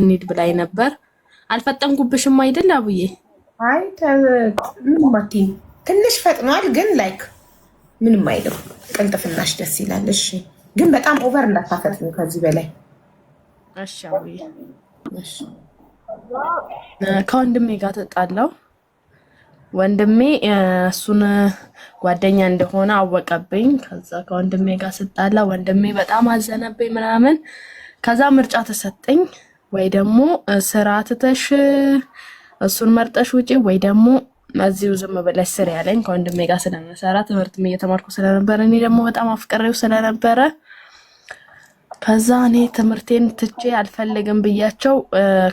እንሂድ ብላኝ ነበር። አልፈጠንኩብሽም አይደል አቡዬ? አይ ምንም አትይም። ትንሽ ፈጥኗል፣ ግን ላይክ ምንም አይልም። ቅልጥፍናሽ ደስ ይላል። እሺ፣ ግን በጣም ኦቨር እንዳታፈጥኝ ከዚህ በላይ እሺ። አቡዬ ከወንድሜ ጋር ተጣላው። ወንድሜ እሱን ጓደኛ እንደሆነ አወቀብኝ። ከዛ ከወንድሜ ጋር ስጣላ ወንድሜ በጣም አዘነብኝ ምናምን። ከዛ ምርጫ ተሰጠኝ። ወይ ደግሞ ስራ ትተሽ እሱን መርጠሽ ውጪ፣ ወይ ደግሞ እዚሁ ዝም ብለሽ ስር ያለኝ ከወንድሜ ጋር ስለምሰራ ትምህርትም እየተማርኩ ስለነበረ እኔ ደግሞ በጣም አፍቅሬው ስለነበረ ከዛ እኔ ትምህርቴን ትቼ አልፈልግም ብያቸው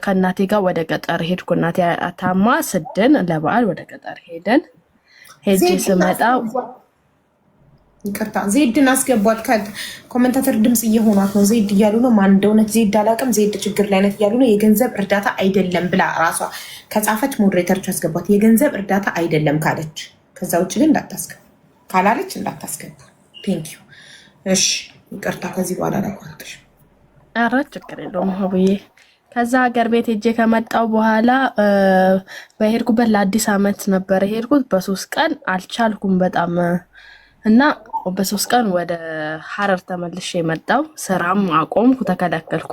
ከእናቴ ጋር ወደ ገጠር ሄድኩ። እናቴ አታማ ስድን ለበዓል ወደ ገጠር ሄደን ሄጄ ስመጣ ይቅርታ ዜድን አስገቧት። ከኮመንታተር ድምፅ እየሆኗት ነው። ዜድ እያሉ ነው። ማን እንደሆነች ዜድ አላውቅም። ዜድ ችግር ላይ ናት እያሉ ነው። የገንዘብ እርዳታ አይደለም ብላ ራሷ ከጻፈች ሞዴሬተሮች አስገቧት። የገንዘብ እርዳታ አይደለም ካለች፣ ከዛ ውጭ ግን እንዳታስገቡ ካላለች እንዳታስገቡ። ቴንክ ዩ። እሺ ይቅርታ። ከዚህ በኋላ ላቋርጥሽ። ኧረ ችግር የለውም ሀቡዬ። ከዛ ሀገር ቤት ሄጄ ከመጣው በኋላ በሄድኩበት ለአዲስ አመት ነበረ ሄድኩት። በሶስት ቀን አልቻልኩም በጣም እና በሶስት ቀን ወደ ሀረር ተመልሼ የመጣው ስራም አቆምኩ፣ ተከለከልኩ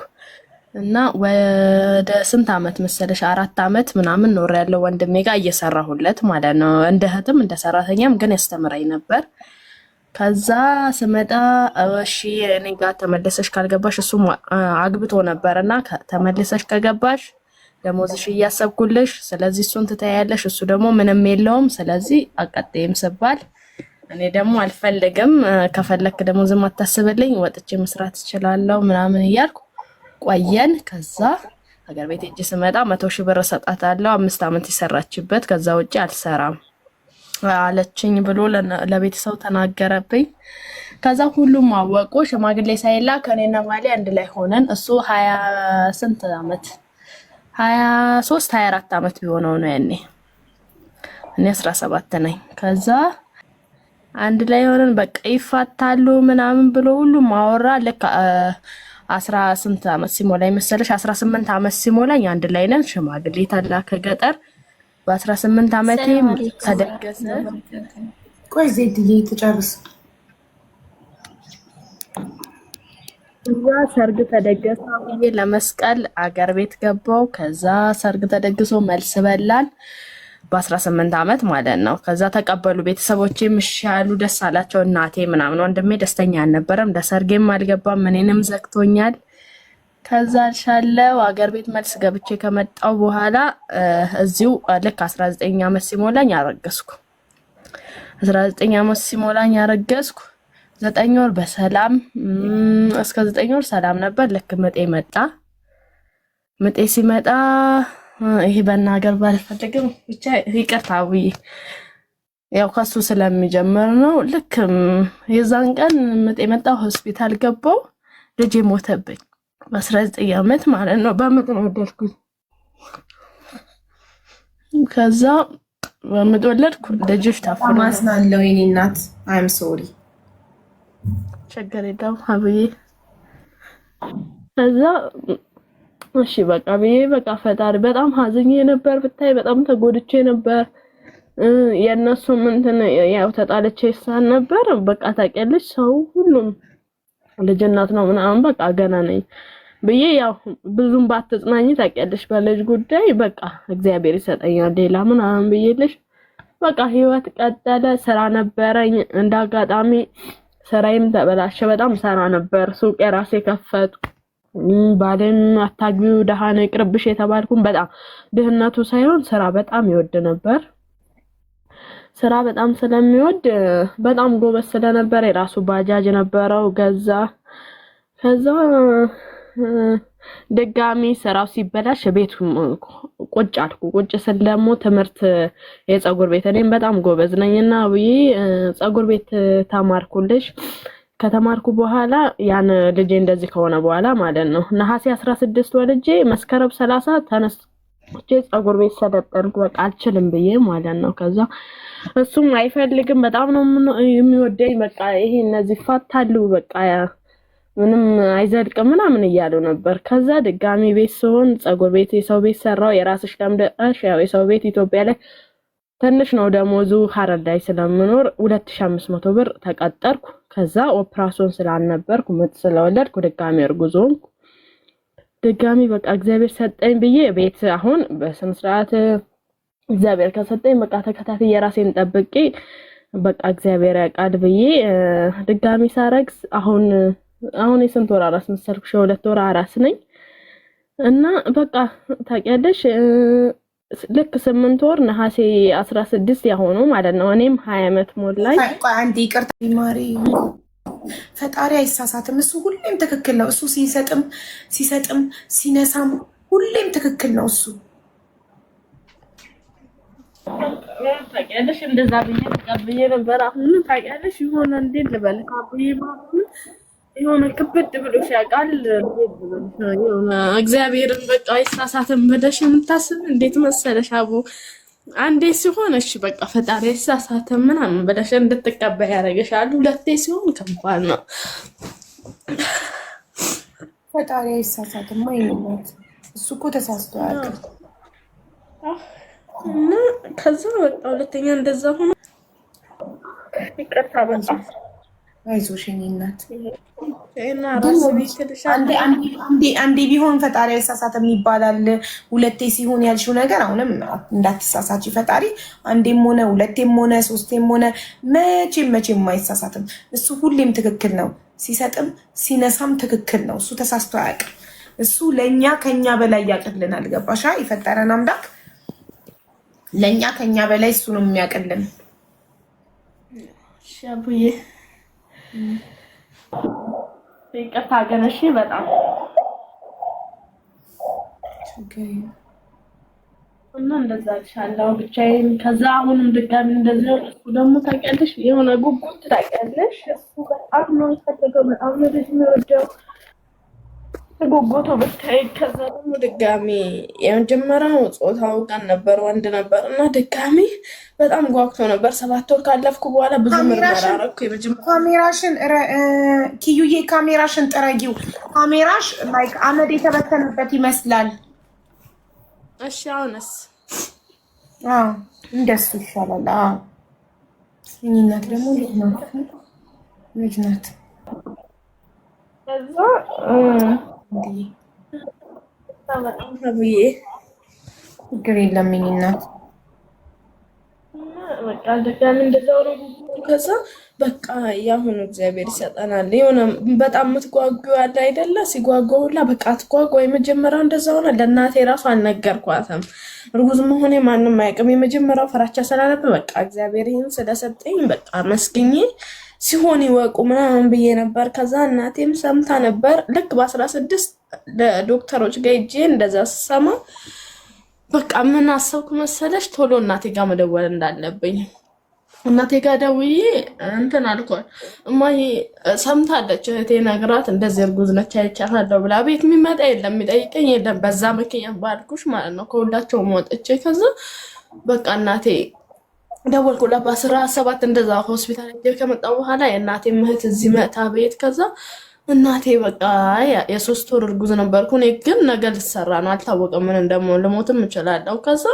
እና ወደ ስንት አመት መሰለሽ አራት አመት ምናምን ኖር ያለው ወንድሜ ጋር እየሰራሁለት ማለት ነው። እንደ እህትም እንደ ሰራተኛም ግን ያስተምረኝ ነበር። ከዛ ስመጣ እሺ እኔ ጋር ተመለሰሽ ካልገባሽ፣ እሱም አግብቶ ነበር እና ተመለሰሽ ከገባሽ ደሞዝሽ እያሰብኩልሽ፣ ስለዚህ እሱን ትተያለሽ፣ እሱ ደግሞ ምንም የለውም፣ ስለዚህ አቀጤም ስባል እኔ ደግሞ አልፈልግም፣ ከፈለክ ደግሞ ዝም አታስብልኝ፣ ወጥቼ መስራት እችላለሁ ምናምን እያልኩ ቆየን። ከዛ ሀገር ቤት እጅ ስመጣ መቶ ሺህ ብር እሰጣታለሁ አምስት ዓመት የሰራችበት ከዛ ውጭ አልሰራም አለችኝ ብሎ ለቤተሰብ ተናገረብኝ። ከዛ ሁሉም አወቁ። ሽማግሌ ሳይላ ከኔና ማሌ አንድ ላይ ሆነን እሱ ሀያ ስንት ዓመት ሀያ ሶስት ሀያ አራት ዓመት ቢሆነው ነው ያኔ እኔ አስራ ሰባት ነኝ ከዛ አንድ ላይ ሆነን በቃ ይፋታሉ ምናምን ብሎ ሁሉም አወራ። ልክ አስራ ስንት አመት ሲሞላኝ መሰለሽ አስራ ስምንት አመት ሲሞላኝ አንድ ላይ ነን። ሽማግሌ ታላ ገጠር በአስራ ስምንት አመቴ ተደገሰ። ቆይ ዜድዬ ትጨርስ። እዛ ሰርግ ተደገሰ ብዬ ለመስቀል አገር ቤት ገባው። ከዛ ሰርግ ተደግሶ መልስ በላል? በ18 ዓመት ማለት ነው። ከዛ ተቀበሉ ቤተሰቦች ምሻሉ ደስ አላቸው። እናቴ ምናምን ወንድሜ ደስተኛ አልነበረም። ለሰርጌም አልገባም። እኔንም ዘግቶኛል። ከዛ አልሻለው አገር ቤት መልስ ገብቼ ከመጣው በኋላ እዚሁ ልክ 19 ዓመት ሲሞላኝ አረገዝኩ። 19 ዓመት ሲሞላኝ አረገዝኩ። ዘጠኝ ወር በሰላም እስከ ዘጠኝ ወር ሰላም ነበር። ልክ ምጤ መጣ። ምጤ ሲመጣ ይሄ በናገር ባልፈልግም ብቻ ይቅርታ ብዬ ያው ከሱ ስለሚጀምር ነው። ልክ የዛን ቀን ምጥ የመጣው ሆስፒታል ገባው ልጅ ሞተብኝ። በአስራ ዘጠኝ ዓመት ማለት ነው። በምጥ ነው ወለድኩኝ። ከዛ በምጥ ወለድኩ። ልጆች ታፍማስናለው የኔ እናት አይም ሶሪ ችግር የለም አብዬ ከዛ እሺ በቃ ብዬ በቃ ፈጣሪ በጣም ሀዝኜ ነበር ብታይ፣ በጣም ተጎድቼ ነበር። የእነሱም እንትን ያው ተጣልቼ ሳን ነበር። በቃ ታውቂያለሽ፣ ሰው ሁሉም ልጅ እናት ነው ምናምን በቃ ገና ነኝ ብዬ ያው ብዙም ባትጽናኝ ታውቂያለሽ፣ በልጅ ጉዳይ በቃ እግዚአብሔር ይሰጠኛል ሌላ ምናምን ብዬልሽ በቃ ህይወት ቀጠለ። ስራ ነበረኝ እንዳጋጣሚ ስራዬም ተበላሸ። በጣም ሰራ ነበር ሱቅ የራሴ ከፈቱ ባልን አታግቢው ደሃን ይቅርብሽ የተባልኩም በጣም ድህነቱ ሳይሆን ስራ በጣም ይወድ ነበር። ስራ በጣም ስለሚወድ በጣም ጎበዝ ስለነበረ የራሱ ባጃጅ ነበረው ገዛ። ከዛ ድጋሚ ስራው ሲበላሽ ቤቱ ቁጭ አልኩ። ቁጭ ስል ደግሞ ትምህርት የፀጉር ቤት እኔም በጣም ጎበዝ ነኝና ፀጉር ቤት ተማርኩልሽ ከተማርኩ በኋላ ያን ልጄ እንደዚህ ከሆነ በኋላ ማለት ነው ነሐሴ አስራ ስድስት ወልጄ መስከረም ሰላሳ ተነስቼ ጸጉር ቤት ሰለጠንኩ። በቃ አልችልም ብዬ ማለት ነው። ከዛ እሱም አይፈልግም በጣም ነው የሚወደኝ። በቃ ይሄ እነዚህ ፋታሉ በቃ ምንም አይዘልቅ ምናምን እያሉ ነበር። ከዛ ድጋሚ ቤት ስሆን ጸጉር ቤት የሰው ቤት ሰራው። የራስሽ ለምደሽ ያው የሰው ቤት ኢትዮጵያ ላይ ትንሽ ነው ደሞዙ ሀረር ላይ ስለምኖር ሁለት ሺ አምስት መቶ ብር ተቀጠርኩ። ከዛ ኦፕራሲዮን ስላልነበርኩ ምጥ ስለወለድኩ ድጋሚ እርጉዝ ሆንኩ። ድጋሚ በቃ እግዚአብሔር ሰጠኝ ብዬ ቤት አሁን በስነ ስርዓት እግዚአብሔር ከሰጠኝ በቃ ተከታታይ የራሴን ጠብቄ በቃ እግዚአብሔር ያውቃል ብዬ ድጋሚ ሳረግስ አሁን አሁን የስንት ወር አራስ መሰልኩሽ? የሁለት ወር አራስ ነኝ እና በቃ ታውቂያለሽ ልክ ስምንት ወር ነሐሴ አስራ ስድስት ያሆኑ ማለት ነው። እኔም ሀያ ዓመት ላይ አንድ ይቅርታ ማሪ ፈጣሪ አይሳሳትም። እሱ ሁሌም ትክክል ነው። እሱ ሲሰጥም ሲሰጥም ሲነሳም ሁሌም ትክክል ነው። እሱ ታውቂያለሽ፣ እንደዛ ብዬ ተቀብዬ ነበር። አሁንም ታውቂያለሽ፣ የሆነ እንዴት ልበል የሆነ ክብድ ብሎሽ ያውቃል። እግዚአብሔርን በቃ አይሳሳትም ብለሽ የምታስብ እንዴት መሰለሽ አቡ አንዴ ሲሆን እሺ በቃ ፈጣሪ አይሳሳትም ምናምን ብለሽ እንድትቀበል ያደርግሻል። ሁለቴ ሲሆን ከባድ ነው። ፈጣሪ አይሳሳትማ ይሉት እሱ እኮ ተሳስቶ እና ከዛ በቃ ሁለተኛ እንደዛ ሆኖ ይቅርታ በጣም አይዞሽ የእኔ እናት። አንዴ ቢሆን ፈጣሪ አይሳሳትም ይባላል። ሁለቴ ሲሆን ያልሽው ነገር አሁንም እንዳትሳሳች ፈጣሪ አንዴም ሆነ ሁለቴም ሆነ ሶስቴም ሆነ መቼም መቼም አይሳሳትም። እሱ ሁሌም ትክክል ነው። ሲሰጥም ሲነሳም ትክክል ነው። እሱ ተሳስቶ አያውቅም። እሱ ለእኛ ከኛ በላይ ያቅልናል። ገባሻ? የፈጠረን አምላክ ለእኛ ከኛ በላይ እሱ ነው የሚያቅልን። ይቅርታ ግን እሺ፣ በጣም እና እንደዛ አልሻለሁ ብቻዬን። ከዛ አሁንም ድጋሚ እንደዚህ እሱ ደግሞ ታውቂያለሽ የሆነ ጉጉት ታውቂያለሽ፣ እሱ በጣም ነው የፈለገው፣ በጣም ነው የሚወደው ጉጉቱ ብታይ ከዛ ደግሞ ድጋሚ የመጀመሪያው ፆታው ቀን ነበር ወንድ ነበር እና ድጋሚ በጣም ጓግቶ ነበር። ሰባት ወር ካለፍኩ በኋላ ብዙ ምርመራረኩ። ካሜራሽን ኪዩዬ ካሜራሽን ጥረጊው። ካሜራሽ ላይክ አመድ የተበተነበት ይመስላል። እሺ አሁንስ እንደሱ ይሻላል። እኝናት ደግሞ ልጅ ናት ልጅ በጣም ተብዬ ችግር የለም ከዛ በቃ ያሁኑ እግዚአብሔር ይሰጠናል። የሆነ በጣም የምትጓጉ ያለ አይደለ? ሲጓጓ ሁላ በቃ አትጓጓ። የመጀመሪያው እንደዛ ሆነ። ለእናቴ ራሱ አልነገርኳትም እርጉዝ መሆኔ ማንም አያውቅም። የመጀመሪያው ፍራቻ ስላለብ በቃ እግዚአብሔር ይህን ስለሰጠኝ በቃ መስግኜ ሲሆን ይወቁ ምናምን ብዬ ነበር። ከዛ እናቴም ሰምታ ነበር ልክ በአስራ ስድስት ዶክተሮች ጋር ሂጅ እንደዛ ስሰማ በቃ ምን አሰብኩ መሰለሽ፣ ቶሎ እናቴ ጋር መደወል እንዳለብኝ እናቴ ጋር ደውዬ እንትን አልኳል። እማዬ ሰምታለች፣ እህቴ ነግራት እንደዚህ እርጉዝ ነች አይቻታለሁ ብላ ቤት የሚመጣ የለም የሚጠይቀኝ የለም። በዛ ምክንያት ባልኩሽ ማለት ነው ከሁላቸው ወጥቼ ከዛ በቃ እናቴ ደወልኩ ደወልኩላት በአስራ ሰባት እንደዛ ሆስፒታል ከመጣ በኋላ የእናቴ ምህት እዚህ መታ ቤት ከዛ እናቴ በቃ የሶስት ወር እርጉዝ ነበርኩ። እኔ ግን ነገ ልሰራ ነው፣ አልታወቀም ምን እንደምሆን፣ ልሞትም እችላለሁ። ከዛ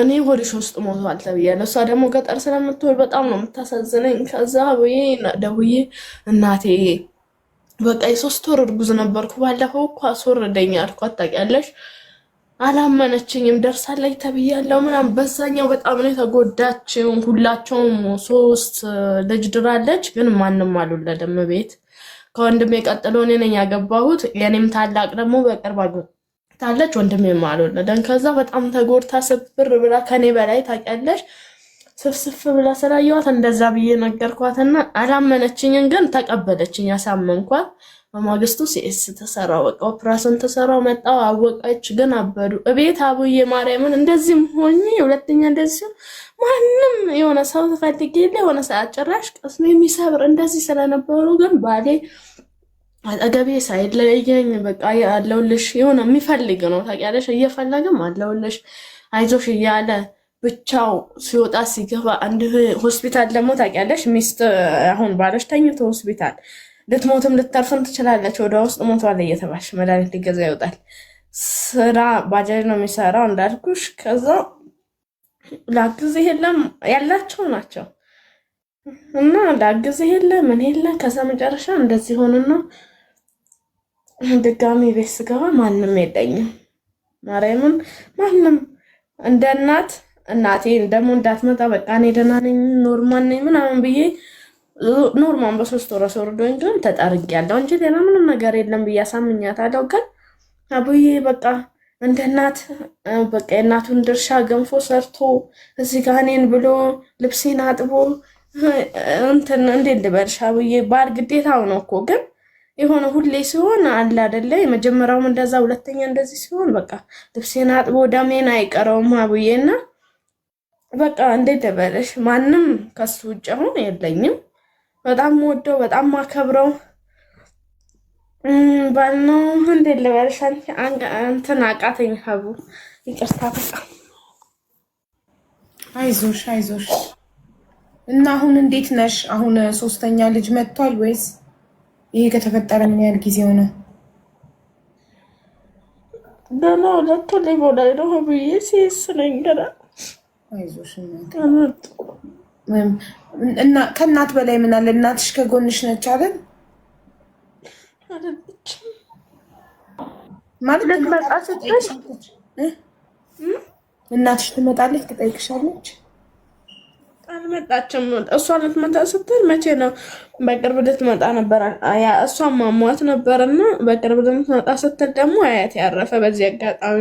እኔ ሆድሽ ውስጥ ሞቷል ተብያለሁ። እሷ ደግሞ ገጠር ስለምትሆን በጣም ነው የምታሳዝነኝ። ከዛ ብዬ ደውዬ እናቴ በቃ የሶስት ወር እርጉዝ ነበርኩ፣ ባለፈው እኮ አስወረደኝ አልኳት። ታውቂያለሽ አላመነችኝም። ደርሳለች ተብያለሁ ምናምን። በዛኛው በጣም ነው የተጎዳችው። ሁላቸውም ሶስት ልጅ ድራለች፣ ግን ማንም አልወለደም ቤት ከወንድሜ ቀጥሎ እኔ ነኝ ያገባሁት። የኔም ታላቅ ደግሞ በቅርብ አግብታለች። ወንድሜም አልወለደም። ከዛ በጣም ተጎድታ ስብር ብላ ከኔ በላይ ታውቂያለሽ ስፍስፍ ብላ ስላየኋት እንደዛ ብዬ ነገርኳትና አላመነችኝን፣ ግን ተቀበለችኝ፣ ያሳመንኳት በማግስቱ ሲኤስ ተሰራ፣ በቃ ኦፕራሽን ተሰራ። መጣው አወቀች፣ ግን አበዱ። እቤት አቡዬ ማርያምን እንደዚህም ሆኜ ሁለተኛ እንደዚህ ማንም የሆነ ሰው ተፈልጌ የሆነ ሰዓት ጭራሽ ቀስሜ የሚሰብር እንደዚህ ስለነበሩ ግን ባሌ አጠገቤ ሳይለየኝ በቃ አለሁልሽ የሆነ የሚፈልግ ነው ታውቂያለሽ፣ እየፈለግም አለውልሽ አይዞሽ እያለ ብቻው ሲወጣ ሲገባ አንድ ሆስፒታል ደግሞ ታውቂያለሽ ሚስት አሁን ባለሽ ተኝቶ ሆስፒታል ልትሞትም ልታርፍም ትችላለች። ወደ ውስጥ ሞቷል እየተባልሽ መድኃኒት ሊገዛ ይወጣል። ስራ ባጃጅ ነው የሚሰራው እንዳልኩሽ። ከዛ ላግዝ የለም ያላቸው ናቸው እና ላግዝ የለ ምን የለ። ከዛ መጨረሻ እንደዚህ ሆንና ድጋሚ ቤት ስገባ ማንም የለኝም። ማርያምን ማንም እንደ እናት እናቴ ደግሞ እንዳትመጣ በቃ እኔ ደህና ነኝ ኖርማል ነኝ ምናምን ብዬ ኖርማን በሶስት ወር አስወርዶኝ ግን ተጠርቅ ያለው እንጂ ሌላ ምንም ነገር የለም ብዬ አሳምኛታለሁ። ግን አቡዬ በቃ እንደ እናት በቃ የእናቱን ድርሻ ገንፎ ሰርቶ እዚህ ጋ እኔን ብሎ ልብሴን አጥቦ እንትን እንዴት ልበልሽ አቡዬ ባል ግዴታው ነው እኮ ግን የሆነ ሁሌ ሲሆን አለ አደለ የመጀመሪያውም እንደዛ ሁለተኛ እንደዚህ ሲሆን በቃ ልብሴን አጥቦ ደሜን አይቀረውም አቡዬና በቃ እንዴት ልበልሽ ማንም ከሱ ውጭ አሁን የለኝም በጣም ወደው በጣም ማከብረው ባል ነው። እንዴ ለበለሻን እንትን አቃተኝ። ሀቡ ይቅርታ በቃ አይዞሽ አይዞሽ። እና አሁን እንዴት ነሽ? አሁን ሶስተኛ ልጅ መጥቷል ወይስ ይሄ ከተፈጠረ ምን ያህል ጊዜው ነው? ገና ሁለቱ ላይ ነው ብዬ ሲስነኝ ገና አይዞሽ ከእናት በላይ ምን አለ? እናትሽ ከጎንሽ ነች አይደል? እናትሽ ትመጣለች፣ ትጠይቅሻለች። አልመጣችም። እሷ ልትመጣ ስትል መቼ ነው? በቅርብ ልትመጣ ነበር። እሷ ማሟት ነበር እና በቅርብ ልትመጣ ስትል ደግሞ አያት ያረፈ በዚህ አጋጣሚ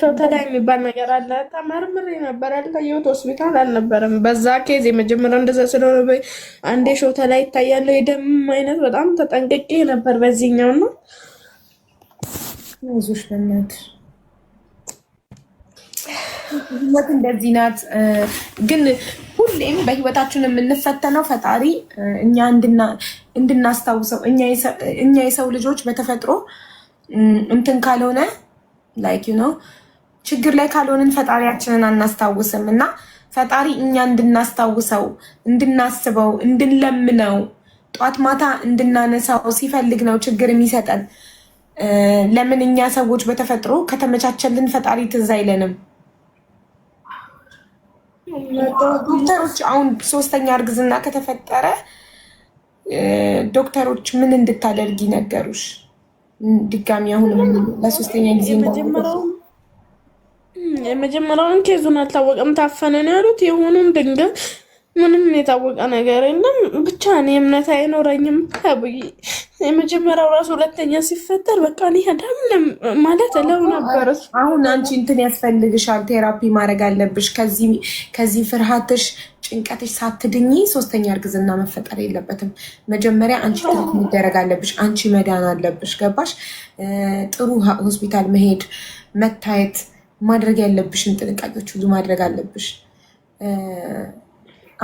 ሾተላይ የሚባል ነገር አለ። ተመርምሬ ነበር ያልታየሁት ሆስፒታል አልነበረም። በዛ ኬዝ የመጀመሪያ እንደዛ ስለሆነ አንዴ ሾተላይ ይታያለው የደም አይነት በጣም ተጠንቅቄ ነበር በዚህኛው ነው። ይዞሽ ነት ህይወት እንደዚህ ናት። ግን ሁሌም በህይወታችን የምንፈተነው ፈጣሪ እኛ እንድናስታውሰው እኛ የሰው ልጆች በተፈጥሮ እንትን ካልሆነ ላይክ ዩ ነው ችግር ላይ ካልሆንን ፈጣሪያችንን አናስታውስም እና ፈጣሪ እኛ እንድናስታውሰው እንድናስበው እንድንለምነው ጧት ማታ እንድናነሳው ሲፈልግ ነው ችግር የሚሰጠን። ለምን እኛ ሰዎች በተፈጥሮ ከተመቻቸልን ፈጣሪ ትዝ አይለንም? ዶክተሮች አሁን ሶስተኛ እርግዝና ከተፈጠረ ዶክተሮች ምን እንድታደርጊ ነገሩሽ? ድጋሚ አሁንም ለሶስተኛ ጊዜ የመጀመሪያውን ኬዙን አልታወቀም፣ ታፈነ ነው ያሉት። የሆኑም ድንገት ምንም የታወቀ ነገር የለም። ብቻ እኔ እምነት አይኖረኝም ተብዬ የመጀመሪያው ራሱ ሁለተኛ ሲፈጠር በቃ እኔ ማለት ለው ነበር። አሁን አንቺ እንትን ያስፈልግሻል፣ ቴራፒ ማድረግ አለብሽ። ከዚህ ፍርሃትሽ፣ ጭንቀትሽ ሳትድኝ ሶስተኛ እርግዝና መፈጠር የለበትም። መጀመሪያ አንቺ ትሪት መደረግ አለብሽ። አንቺ መዳን አለብሽ። ገባሽ? ጥሩ ሆስፒታል መሄድ፣ መታየት፣ ማድረግ ያለብሽን ጥንቃቄዎች ሁሉ ማድረግ አለብሽ።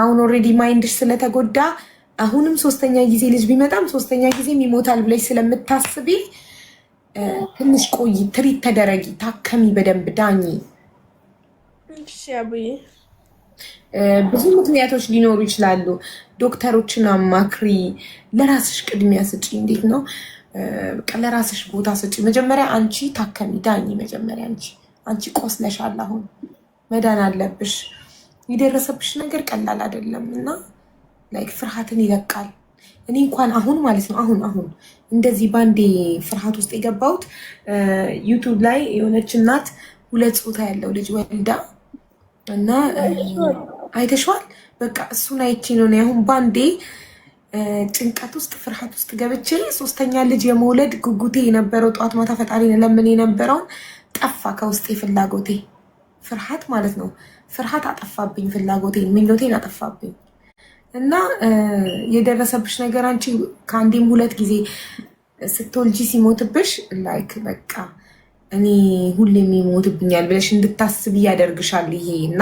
አሁን ኦልሬዲ ማይንድሽ ስለተጎዳ አሁንም ሶስተኛ ጊዜ ልጅ ቢመጣም ሶስተኛ ጊዜም ይሞታል ብለሽ ስለምታስቢ ትንሽ ቆይ፣ ትሪት ተደረጊ፣ ታከሚ፣ በደንብ ዳኝ። ብዙ ምክንያቶች ሊኖሩ ይችላሉ። ዶክተሮችን አማክሪ፣ ለራስሽ ቅድሚያ ስጪ። እንዴት ነው ለራስሽ ቦታ ስጪ። መጀመሪያ አንቺ ታከሚ፣ ዳኝ። መጀመሪያ አንቺ አንቺ ቆስለሻል። አሁን መዳን አለብሽ። የደረሰብሽ ነገር ቀላል አይደለም እና ላይክ ፍርሃትን ይለቃል። እኔ እንኳን አሁን ማለት ነው አሁን አሁን እንደዚህ ባንዴ ፍርሃት ውስጥ የገባሁት ዩቱብ ላይ የሆነች እናት ሁለት ጾታ ያለው ልጅ ወልዳ እና አይተሸዋል። በቃ እሱን አይቼ ነው አሁን ባንዴ ጭንቀት ውስጥ ፍርሃት ውስጥ ገብቼ ሶስተኛ ልጅ የመውለድ ጉጉቴ የነበረው ጠዋት ማታ ፈጣሪ ለምን የነበረውን ጠፋ ከውስጤ ፍላጎቴ። ፍርሃት ማለት ነው ፍርሃት አጠፋብኝ፣ ፍላጎቴ ምኞቴን አጠፋብኝ። እና የደረሰብሽ ነገር አንቺ ከአንዴም ሁለት ጊዜ ስትወልጂ ሲሞትብሽ ላይክ በቃ እኔ ሁሌም ይሞትብኛል ብለሽ እንድታስብ እያደርግሻል ይሄ እና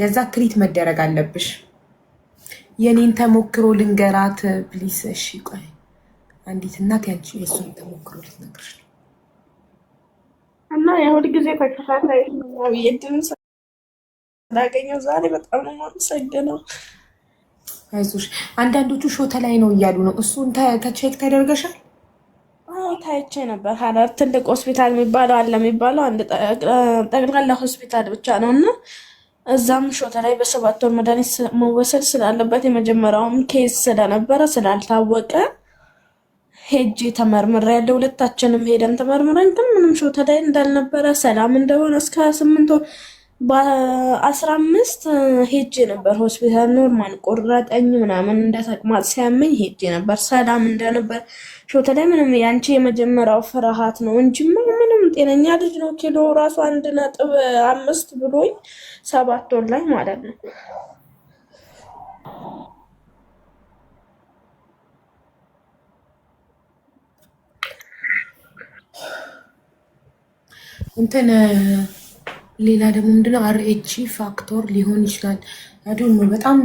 ለዛ ትሪት መደረግ አለብሽ። የኔን ተሞክሮ ልንገራት ፕሊስ። እሺ ቆይ አንዲት እናት ያንቺ የእሱን ተሞክሮ ልትነግርሽ ነው እና የሁል ጊዜ ተከታታይ ነው ድምፅ እንዳገኘው ዛሬ በጣም ነው የማመሰግነው። አይዞሽ። አንዳንዶቹ ሾተ ላይ ነው እያሉ ነው። እሱን ተቼክ ተደርገሻል? ታይቼ ነበር። ሀረር ትልቅ ሆስፒታል የሚባለው አለ የሚባለው አንድ ጠቅላላ ሆስፒታል ብቻ ነው እና እዛም ሾተ ላይ በሰባት ወር መድኃኒት መወሰድ ስላለበት የመጀመሪያውም ኬስ ስለነበረ ስላልታወቀ ሄጄ ተመርምሬ ያለ ሁለታችንም ሄደን ተመርምረን ግን ምንም ሾተ ላይ እንዳልነበረ ሰላም እንደሆነ እስከ ስምንት ወር በአስራ አምስት ሄጄ ነበር ሆስፒታል። ኖርማል ቆረጠኝ ምናምን እንደ ተቅማጥ ሲያመኝ ሄጄ ነበር። ሰላም እንደነበር ሾተ ላይ ምንም ያንቺ የመጀመሪያው ፍርሃት ነው እንጂ ምንም ጤነኛ ልጅ ነው። ኪሎ ራሱ አንድ ነጥብ አምስት ብሎኝ ሰባት ወር ላይ ማለት ነው። እንትን ሌላ ደግሞ ምንድነው አርኤች ፋክቶር ሊሆን ይችላል። አዶኖ በጣም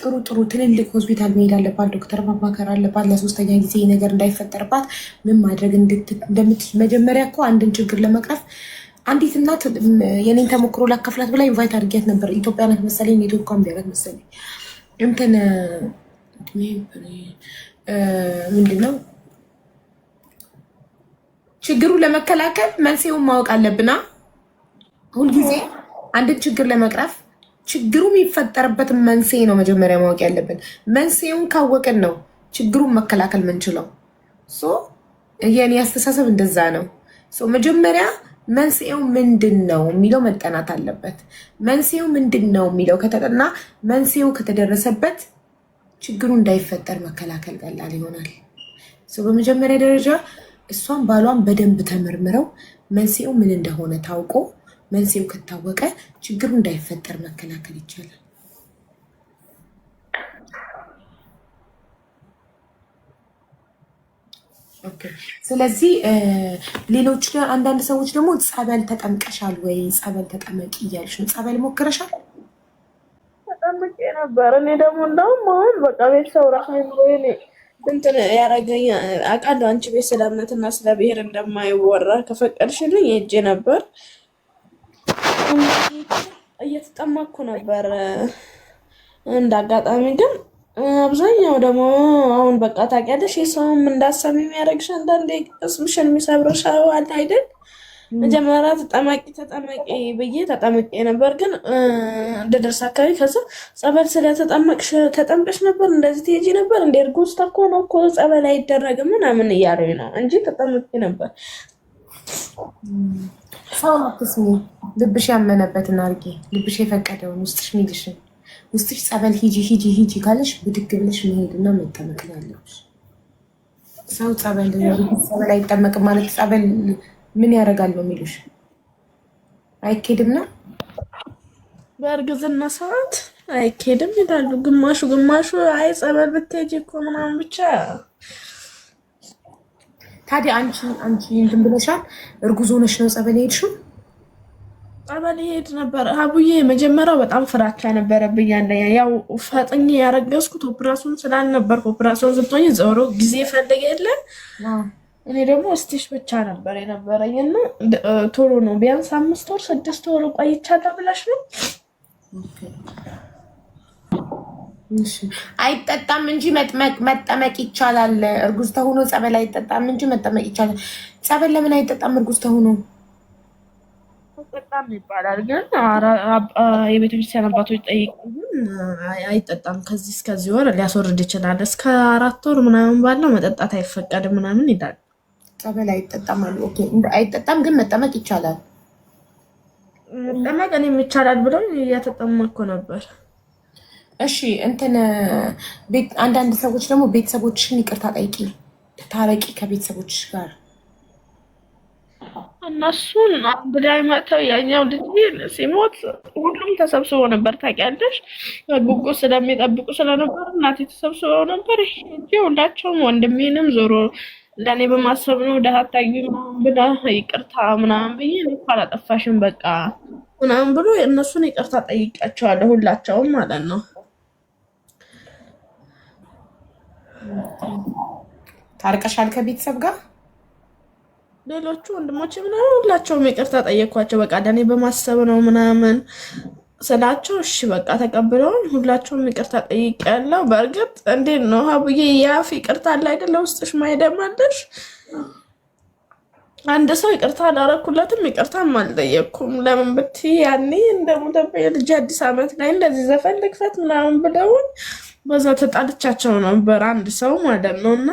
ጥሩ ጥሩ ትልልቅ ሆስፒታል መሄድ አለባት፣ ዶክተር ማማከር አለባት። ለሶስተኛ ጊዜ ይህ ነገር እንዳይፈጠርባት ምን ማድረግ እንደምትችል መጀመሪያ እኮ አንድን ችግር ለመቅረፍ አንዲት እናት የኔን ተሞክሮ ላካፍላት ብላ ኢንቫይት አድርጊያት ነበር። ኢትዮጵያ ናት መሰለኝ፣ ኔቶ ኢትዮጵያ ቢያረት መሰለኝ እንትን ነው ችግሩ ለመከላከል መንስኤውን ማወቅ አለብና ሁልጊዜ አንድን ችግር ለመቅረፍ ችግሩ የሚፈጠርበት መንስኤ ነው መጀመሪያ ማወቅ ያለብን። መንስኤውን ካወቅን ነው ችግሩን መከላከል ምንችለው። የእኔ አስተሳሰብ እንደዛ ነው። መጀመሪያ መንስኤው ምንድን ነው የሚለው መጠናት አለበት። መንስኤው ምንድን ነው የሚለው ከተጠና መንስኤው ከተደረሰበት ችግሩ እንዳይፈጠር መከላከል ቀላል ይሆናል። በመጀመሪያ ደረጃ እሷን ባሏን በደንብ ተመርምረው መንስኤው ምን እንደሆነ ታውቆ መንስኤው ከታወቀ ችግሩ እንዳይፈጠር መከላከል ይቻላል። ስለዚህ ሌሎች አንዳንድ ሰዎች ደግሞ ጸበል ተጠምቀሻል ወይ ጸበል ተጠመቂ እያልሽ ነው። ጸበል ሞክረሻል? ተጠምቄ ነበር። እኔ ደግሞ እንደውም አሁን በቃ ቤተሰብ ራሱ ኔ እንትን ያረገኝ አውቃለሁ። አንቺ ቤት ስለ እምነትና ስለ ብሔር እንደማይወራ ከፈቀድሽልኝ ሄጄ ነበር እየተጠማኩ ነበር። እንደ አጋጣሚ ግን አብዛኛው ደግሞ አሁን በቃ ታውቂያለሽ፣ የሰውም እንዳሰሚ የሚያደርግሽ አንዳንዴ ቅስምሽን የሚሰብረው ሰው አለ አይደል? መጀመሪያ ተጠማቂ ተጠመቂ ብዬ ነበር፣ ግን እንደደርስ አካባቢ ከዛ ጸበል ስለተጠመቅሽ ተጠምቀሽ ነበር እንደዚህ ትሄጂ ነበር እንደ እኮ ነው እኮ ጸበል አይደረግም ምናምን ነው እንጂ ነበር። ሰውን አትስሚ። ልብሽ ያመነበትን አድርጊ። ልብሽ የፈቀደውን ውስጥሽ ሚልሽን ውስጥሽ ጸበል ሂጂ ሂጂ ሂጂ ካለሽ ብድግ ብለሽ መሄድና መጠመቅ ያለሽ ሰው ጸበል ጸበል አይጠመቅም ማለት ጸበል ምን ያደርጋል ነው የሚሉሽ። አይኬድም ነው በእርግዝና ሰዓት አይኬድም ይላሉ ግማሹ ግማሹ። አይ ጸበል ብትሄጂ እኮ ምናምን ብቻ ታዲያ አንቺ አንቺ እንትን ብለሻል፣ እርጉዝ ሆነሽ ነው ጸበል ሄድሽው? ጸበል ሄድ ነበር አቡዬ። መጀመሪያው በጣም ፍራቻ ነበረብኝ። አንደኛ ያው ፈጥኜ ያረገዝኩት ኦፕራሲዮን ስላልነበርኩ ኦፕራሲዮን ስትሆኝ ዞሮ ጊዜ ፈልገ የለ እኔ ደግሞ እስቲሽ ብቻ ነበር የነበረኝ እና ቶሎ ነው ቢያንስ አምስት ወር ስድስት ወር ቆይቻለሁ ብለሽ ነው አይጠጣም እንጂ መጠመቅ ይቻላል። እርጉዝ ተሆኖ ጸበል አይጠጣም እንጂ መጠመቅ ይቻላል። ጸበል ለምን አይጠጣም? እርጉዝ ተሆኖ አይጠጣም ይባላል። ግን የቤተክርስቲያን አባቶች ጠይቁ፣ አይጠጣም። ከዚህ እስከዚህ ወር ሊያስወርድ ይችላል። እስከ አራት ወር ምናምን ባለው መጠጣት አይፈቀድም ምናምን ይላል። ጸበል አይጠጣም አሉ። አይጠጣም ግን መጠመቅ ይቻላል። መጠመቅ እኔም ይቻላል ብለው እያተጠመኩ ነበር። እሺ እንትን ቤት አንዳንድ ሰዎች ደግሞ ቤተሰቦችሽን ይቅርታ ጠይቂ፣ ታረቂ ከቤተሰቦችሽ ጋር እነሱን አንድ ላይ መጥተው ያኛው ልጅ ሲሞት ሁሉም ተሰብስቦ ነበር። ታውቂያለሽ፣ ጉጉት ስለሚጠብቁ ስለነበር እናቴ ተሰብስበው ነበር። ሄጄ ሁላቸውም ወንድሜንም ዞሮ ለእኔ በማሰብ ነው ደሀታዩ ብላ ይቅርታ ምናምን ብዬ እኔ እኮ አላጠፋሽም በቃ ምናምን ብሎ እነሱን ይቅርታ ጠይቂያቸዋለሁ ሁላቸውም ማለት ነው። ታርቀሻል ከቤተሰብ ጋር? ሌሎቹ ወንድሞች ምናምን ሁላቸውም ይቅርታ ጠየኳቸው። በቃ ለእኔ በማሰብ ነው ምናምን ስላቸው እሺ በቃ ተቀብለውን ሁላቸውም ይቅርታ ያለው። በእርግጥ እንዴት ነው ሀብዬ ያፍ ይቅርታ አለ አይደለ? ውስጥሽ ማይደማለሽ አንድ ሰው ይቅርታ አላረኩለትም ይቅርታም አልጠየቅኩም። ለምን ብትይ ያኔ እንደሙተበ ልጅ አዲስ አመት ላይ እንደዚህ ዘፈን ልክፈት ምናምን ብለውን በዛ ተጣልቻቸው ነበር አንድ ሰው ማለት ነው። እና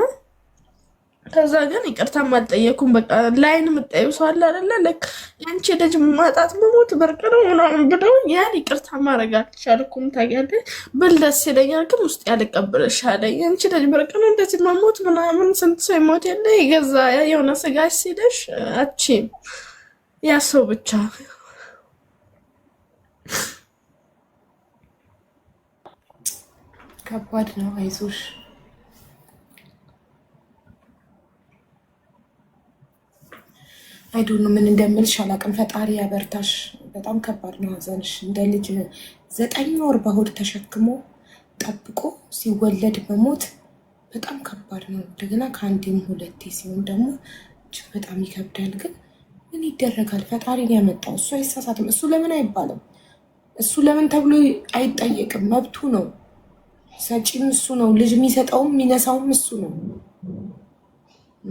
ከዛ ግን ይቅርታ አልጠየኩም። በቃ ላይን የምጠየው ሰው አለ አይደለ? ልክ የአንቺ ልጅ ማጣት መሞት ብርቅ ነው ምናምን ብለው ያን ይቅርታ ማድረግ አልቻልኩም። ታውቂያለሽ ብል ደስ ይለኛል፣ ግን ውስጥ ያልቀብልሻለኝ የአንቺ ልጅ ብርቅ ነው እንደዚህ መሞት ምናምን። ስንት ሰው ይሞት የለ የገዛ የሆነ ስጋሽ ሲለሽ አቺም ያ ሰው ብቻ ከባድ ነው። አይዞሽ አይዶኑ ምን እንደምልሽ አላቅም። ፈጣሪ ያበርታሽ። በጣም ከባድ ነው ሐዘንሽ። እንደ ልጅ ዘጠኝ ወር በሆድ ተሸክሞ ጠብቆ ሲወለድ በሞት በጣም ከባድ ነው። እንደገና ከአንዴም ሁለቴ ሲሆን ደግሞ እጅግ በጣም ይከብዳል። ግን ምን ይደረጋል? ፈጣሪን ያመጣው። እሱ አይሳሳትም። እሱ ለምን አይባልም? እሱ ለምን ተብሎ አይጠየቅም። መብቱ ነው። ሰጪም እሱ ነው። ልጅ የሚሰጠውም የሚነሳውም እሱ ነው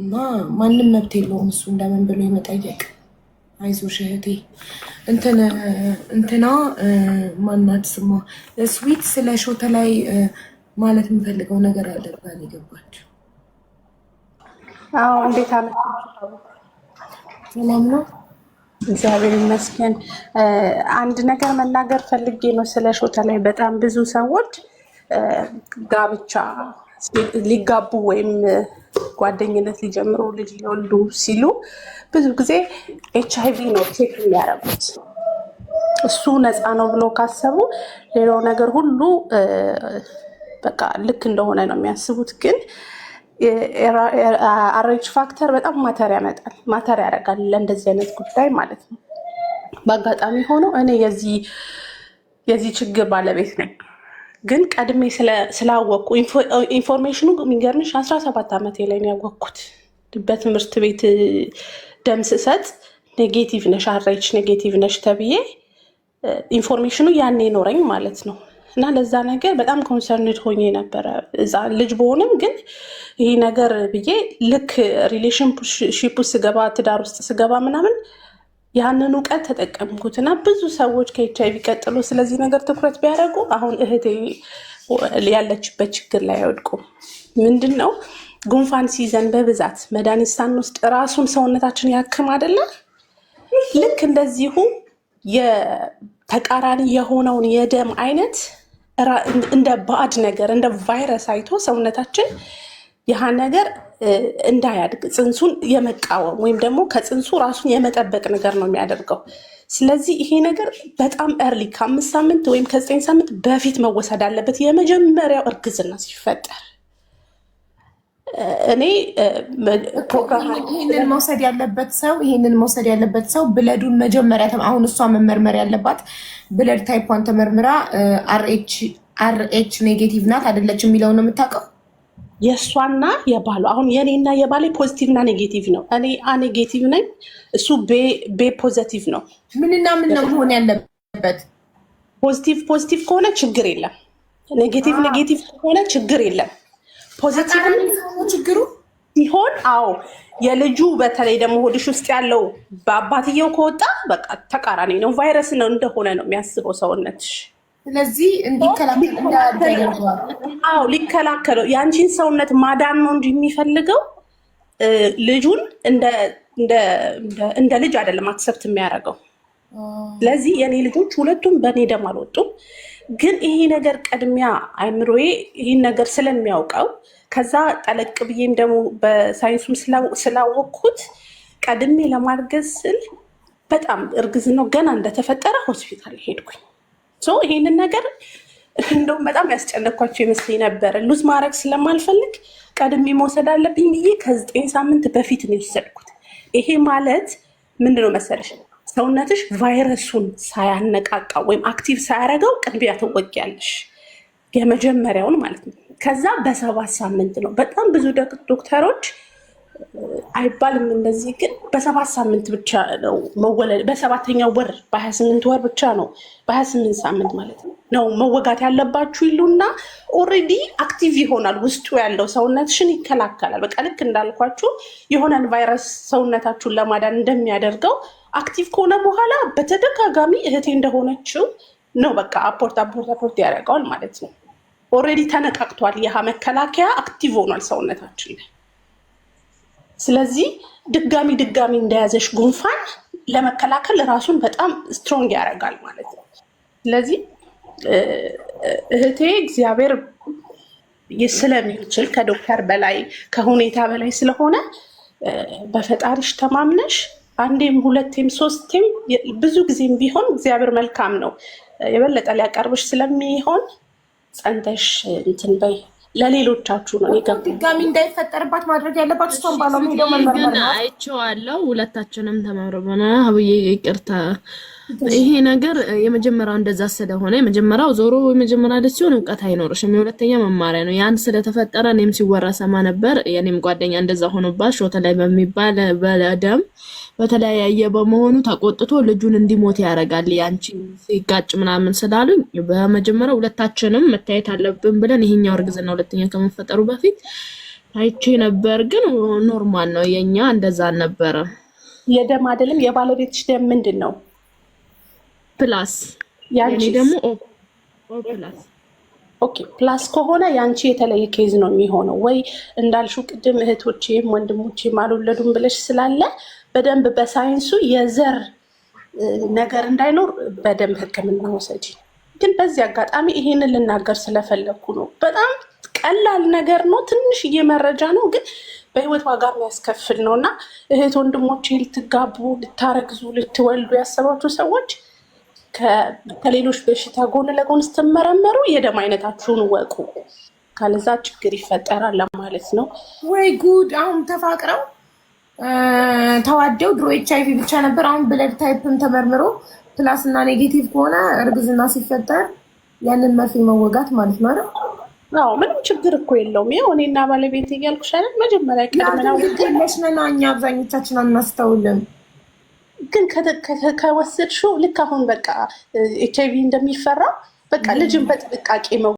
እና ማንም መብት የለውም እሱ እንደምን ብሎ የመጠየቅ። አይዞሽ እህቴ። እንትና ማናት ስሟ ስዊት፣ ስለ ሾተ ላይ ማለት የምፈልገው ነገር አለ። ብርሃን የገባችው አዎ። እንዴት አለ? ሰላም ነው? እግዚአብሔር ይመስገን። አንድ ነገር መናገር ፈልጌ ነው ስለ ሾተ ላይ በጣም ብዙ ሰዎች ጋብቻ ሊጋቡ ወይም ጓደኝነት ሊጀምሩ ልጅ ሊወልዱ ሲሉ ብዙ ጊዜ ኤች አይቪ ነው ቼክ የሚያደርጉት። እሱ ነፃ ነው ብሎ ካሰቡ ሌላው ነገር ሁሉ በቃ ልክ እንደሆነ ነው የሚያስቡት። ግን አሬጅ ፋክተር በጣም ማተር ያመጣል፣ ማተር ያደርጋል ለእንደዚህ አይነት ጉዳይ ማለት ነው። በአጋጣሚ ሆኖ እኔ የዚህ ችግር ባለቤት ነኝ ግን ቀድሜ ስላወቅኩ ኢንፎርሜሽኑ የሚገርምሽ አስራ ሰባት ዓመቴ ላይ ነው ያወቅኩት። በትምህርት ቤት ደም ስሰጥ ኔጌቲቭ ነሽ አራይች ኔጌቲቭ ነሽ ተብዬ ኢንፎርሜሽኑ ያኔ ኖረኝ ማለት ነው። እና ለዛ ነገር በጣም ኮንሰርንድ ሆኜ ነበረ እዛ ልጅ በሆንም ግን ይህ ነገር ብዬ ልክ ሪሌሽንሺፕ ስገባ ትዳር ውስጥ ስገባ ምናምን ያንን እውቀት ተጠቀምኩት እና ብዙ ሰዎች ከኤች አይቪ ቀጥሎ ስለዚህ ነገር ትኩረት ቢያደርጉ አሁን እህቴ ያለችበት ችግር ላይ አይወድቁም። ምንድን ነው ጉንፋን ሲይዘን በብዛት መድኃኒት ሳንወስድ ራሱን ሰውነታችን ያክም አይደለ? ልክ እንደዚሁ ተቃራኒ የሆነውን የደም አይነት እንደ ባዕድ ነገር እንደ ቫይረስ አይቶ ሰውነታችን ያህ ነገር እንዳያድግ ጽንሱን የመቃወም ወይም ደግሞ ከጽንሱ ራሱን የመጠበቅ ነገር ነው የሚያደርገው። ስለዚህ ይሄ ነገር በጣም ኤርሊ ከአምስት ሳምንት ወይም ከዘጠኝ ሳምንት በፊት መወሰድ አለበት፣ የመጀመሪያው እርግዝና ሲፈጠር። እኔ ፕሮግራም ይህንን መውሰድ ያለበት ሰው ይህንን መውሰድ ያለበት ሰው ብለዱን መጀመሪያ አሁን እሷ መመርመር ያለባት ብለድ ታይፖን ተመርምራ አርኤች ኔጌቲቭ ናት አይደለች የሚለው ነው የምታውቀው የእሷና የባሉ አሁን የኔና የባሌ ፖዚቲቭና ኔጌቲቭ ነው። እኔ አኔጌቲቭ ነኝ፣ እሱ ቤ ፖዘቲቭ ነው። ምንና ምን ነው መሆን ያለበት? ፖዚቲቭ ፖዚቲቭ ከሆነ ችግር የለም። ኔጌቲቭ ኔጌቲቭ ከሆነ ችግር የለም። ፖዚቲቭ ችግሩ ሲሆን አዎ፣ የልጁ በተለይ ደግሞ ሆድሽ ውስጥ ያለው በአባትየው ከወጣ በቃ ተቃራኒ ነው። ቫይረስ ነው እንደሆነ ነው የሚያስበው ሰውነትሽ ስለዚህ እንዲከላከል ሊከላከለው የአንቺን ሰውነት ማዳን ነው እንጂ የሚፈልገው ልጁን እንደ ልጅ አይደለም አክሰብት የሚያደርገው። ስለዚህ የእኔ ልጆች ሁለቱም በእኔ ደም አልወጡም። ግን ይሄ ነገር ቀድሚያ አይምሮዬ ይህን ነገር ስለሚያውቀው ከዛ ጠለቅ ብዬም ደግሞ በሳይንሱም ስላወቅኩት ቀድሜ ለማርገዝ ስል በጣም እርግዝናው ገና እንደተፈጠረ ሆስፒታል ሄድኩኝ። ሶ ይሄንን ነገር እንደውም በጣም ያስጨነኳቸው ይመስለኝ ነበር። ሉዝ ማድረግ ስለማልፈልግ ቀድሜ መውሰድ አለብኝ ብዬ ከዘጠኝ ሳምንት በፊት ነው የወሰድኩት። ይሄ ማለት ምንድን ነው መሰለሽ ሰውነትሽ ቫይረሱን ሳያነቃቃ ወይም አክቲቭ ሳያደርገው ቅድሚያ ትወጊያለሽ፣ የመጀመሪያውን ማለት ነው። ከዛ በሰባት ሳምንት ነው። በጣም ብዙ ዶክተሮች አይባልም እንደዚህ ግን በሰባት ሳምንት ብቻ ነው መወለድ። በሰባተኛ ወር በሀያ ስምንት ወር ብቻ ነው በሀያ ስምንት ሳምንት ማለት ነው መወጋት ያለባችሁ ይሉና ኦልሬዲ አክቲቭ ይሆናል ውስጡ ያለው ሰውነትሽን ይከላከላል። በቃ ልክ እንዳልኳችሁ የሆነን ቫይረስ ሰውነታችሁን ለማዳን እንደሚያደርገው አክቲቭ ከሆነ በኋላ በተደጋጋሚ እህቴ እንደሆነችው ነው በቃ አፖርት አፖርት አፖርት ያደርገዋል ማለት ነው። ኦልሬዲ ተነቃቅቷል። ያህ መከላከያ አክቲቭ ሆኗል ሰውነታችን ላይ ስለዚህ ድጋሚ ድጋሚ እንደያዘሽ ጉንፋን ለመከላከል ራሱን በጣም ስትሮንግ ያደርጋል ማለት ነው። ስለዚህ እህቴ እግዚአብሔር ስለሚችል ከዶክተር በላይ ከሁኔታ በላይ ስለሆነ በፈጣሪሽ ተማምነሽ አንዴም ሁለቴም ሶስቴም ብዙ ጊዜም ቢሆን እግዚአብሔር መልካም ነው፣ የበለጠ ሊያቀርብሽ ስለሚሆን ጸንተሽ እንትን በይ። ለሌሎቻችሁ ነው ይገባ ድጋሚ እንዳይፈጠርባት ማድረግ ያለባት እሷን ባለው ሄደው መመርመር ነው። አይቼዋለሁ። ሁለታችንም ተመርመና አብዬ ይቅርታ፣ ይሄ ነገር የመጀመሪያው እንደዛ ስለሆነ የመጀመሪያው ዞሮ የመጀመሪያ ልጅ ሲሆን እውቀት አይኖርሽም፣ የሁለተኛ መማሪያ ነው። ያን ስለተፈጠረ እኔም ሲወራ ሰማ ነበር። የኔም ጓደኛ እንደዛ ሆኖባት ሾተ ላይ በሚባል በደም በተለያየ በመሆኑ ተቆጥቶ ልጁን እንዲሞት ያደርጋል። ያንቺ ሲጋጭ ምናምን ስላሉኝ በመጀመሪያ ሁለታችንም መታየት አለብን ብለን ይሄኛው እርግዝና ሁለተኛ ከመፈጠሩ በፊት አይቼ ነበር፣ ግን ኖርማል ነው የኛ እንደዛ ነበረ። የደም አይደለም የባለቤትሽ ደም ምንድን ነው? ፕላስ ያንቺ ደግሞ ፕላስ ኦኬ ፕላስ ከሆነ የአንቺ የተለየ ኬዝ ነው የሚሆነው። ወይ እንዳልሹ ቅድም እህቶቼም ወንድሞቼም አልወለዱም ብለሽ ስላለ በደንብ በሳይንሱ የዘር ነገር እንዳይኖር በደንብ ሕክምና ወሰጂ። ግን በዚህ አጋጣሚ ይሄንን ልናገር ስለፈለግኩ ነው። በጣም ቀላል ነገር ነው፣ ትንሽዬ መረጃ ነው፣ ግን በህይወት ዋጋ የሚያስከፍል ነው እና እህት ወንድሞቼ፣ ልትጋቡ፣ ልታረግዙ፣ ልትወልዱ ያሰባችሁ ሰዎች ከሌሎች በሽታ ጎን ለጎን ስትመረመሩ የደም አይነታችሁን ወቁ። ካለዛ ችግር ይፈጠራል ለማለት ነው። ወይ ጉድ! አሁን ተፋቅረው ተዋደው ድሮ ኤች አይቪ ብቻ ነበር። አሁን ብለድ ታይፕም ተመርምሮ ፕላስ እና ኔጌቲቭ ከሆነ እርግዝና ሲፈጠር ያንን መርፌ መወጋት ማለት ነው አዎ ምንም ችግር እኮ የለውም። ያው እኔና ባለቤት እያልኩሽ አይደል? መጀመሪያ ነና እኛ አብዛኞቻችን አናስተውልም። ግን ከወሰድሽው ልክ አሁን በቃ ኤች አይቪ እንደሚፈራ በቃ ልጅን በጥንቃቄ መ